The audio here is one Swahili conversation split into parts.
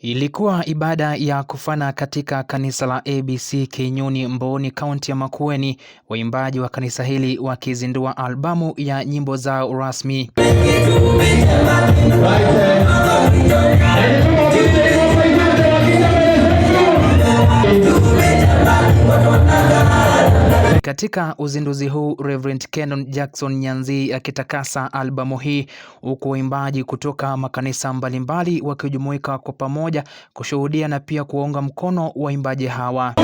Ilikuwa ibada ya kufana katika kanisa la ABC Kinyuni, Mboni, kaunti ya Makueni, waimbaji wa kanisa hili wakizindua albamu ya nyimbo zao rasmi Katika uzinduzi huu, Reverend Kenon Jackson Nyanzi akitakasa albamu hii huku waimbaji kutoka makanisa mbalimbali wakijumuika kwa pamoja kushuhudia na pia kuwaunga mkono waimbaji hawa.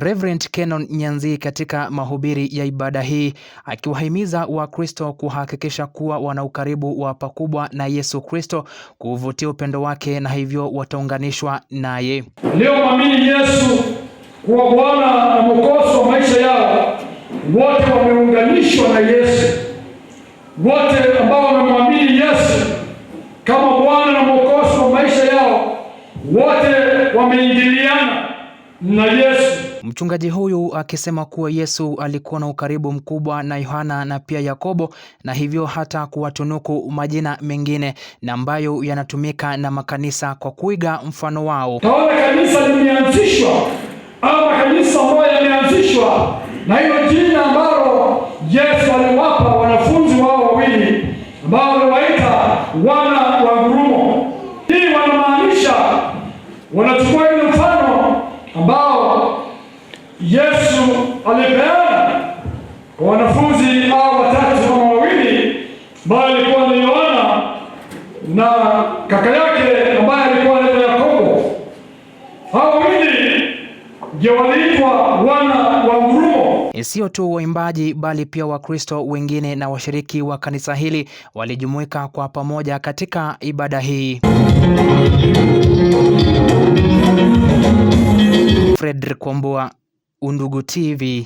Reverend Kenon Nyanzi katika mahubiri ya ibada hii akiwahimiza Wakristo kuhakikisha kuwa wana ukaribu wa pakubwa na Yesu Kristo, kuvutia upendo wake na hivyo wataunganishwa naye. Leo mwamini Yesu kuwa Bwana na Mwokozi wa maisha yao, wote wameunganishwa na Yesu. Wote ambao wamemwamini Yesu kama Bwana na Mwokozi wa maisha yao, wote wameingiliana na Yesu. Mchungaji huyu akisema kuwa Yesu alikuwa na ukaribu mkubwa na Yohana na pia Yakobo na hivyo hata kuwatunuku majina mengine na ambayo yanatumika na makanisa kwa kuiga mfano wao. Taona kanisa limeanzishwa au makanisa ambayo yameanzishwa na hiyo jina ambalo Yesu aliwapa wanafunzi wao wawili ambao waliwaita wana wa ngurumo. Hii wanamaanisha wanachukua ile mfano ambao Yesu alipeana kwa wanafunzi hao watatu kama wawili, ambayo alikuwa ni Yohana na kaka yake ambaye alikuwa anaitwa Yakobo. Hao wawili ndio waliitwa wana wa mvumo. Eh, sio tu waimbaji bali pia Wakristo wengine na washiriki wa kanisa hili walijumuika kwa pamoja katika ibada hii. Fredrick Wambua Undugu TV